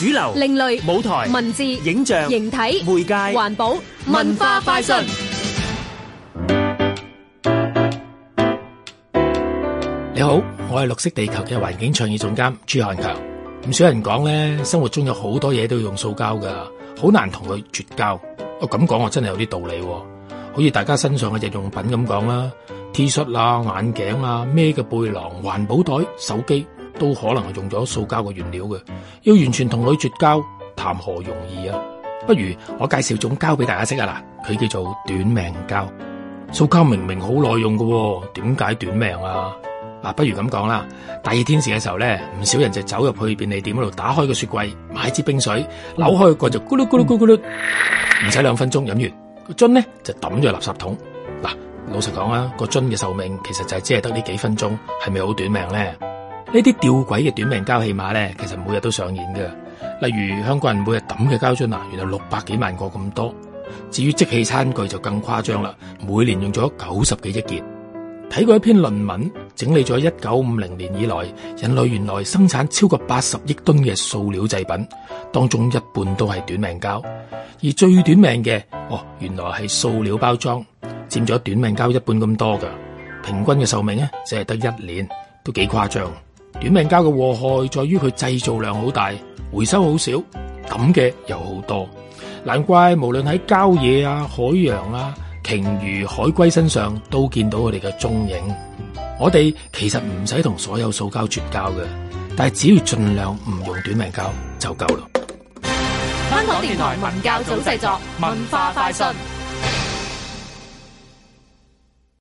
主流、另類舞台、文字、影像、形體、媒介、環保、文化快訊。你好，我係綠色地球嘅環境倡議總監朱漢強。唔少人講咧，生活中有好多嘢都要用塑膠噶，好難同佢絕交。哦，咁講我真係有啲道理。好似大家身上嘅日用品咁講啦，T 恤啦、眼鏡啊、孭嘅背囊、環保袋、手機。都可能係用咗塑膠嘅原料嘅，要完全同佢絕交，談何容易啊！不如我介紹種膠俾大家識啊嗱，佢叫做短命膠。塑膠明明好耐用嘅，點解短命啊？嗱，不如咁講啦，大熱天時嘅時候咧，唔少人就走入去便利店嗰度，打開個雪櫃，買支冰水，扭開個蓋就咕嚕咕嚕咕嚕，唔使兩分鐘飲完，個樽咧就抌咗垃圾桶。嗱，老實講啊，個樽嘅壽命其實就係只係得呢幾分鐘，係咪好短命咧？呢啲吊詭嘅短命膠戲碼咧，其實每日都上演嘅。例如香港人每日抌嘅膠樽啊，原來六百幾萬個咁多。至於即棄餐具就更誇張啦，每年用咗九十幾億件。睇過一篇論文，整理咗一九五零年以來人類原來生產超過八十億噸嘅塑料製品，當中一半都係短命膠，而最短命嘅哦，原來係塑料包裝，佔咗短命膠一半咁多噶。平均嘅壽命咧，只係得一年，都幾誇張。短命膠嘅禍害在於佢製造量好大，回收好少，咁嘅又好多，難怪無論喺郊野啊、海洋啦、啊、鯨魚、海龜身上都見到佢哋嘅蹤影。我哋其實唔使同所有塑膠絕交嘅，但係只要盡量唔用短命膠就夠啦。香港電台文教組製作，文化快訊。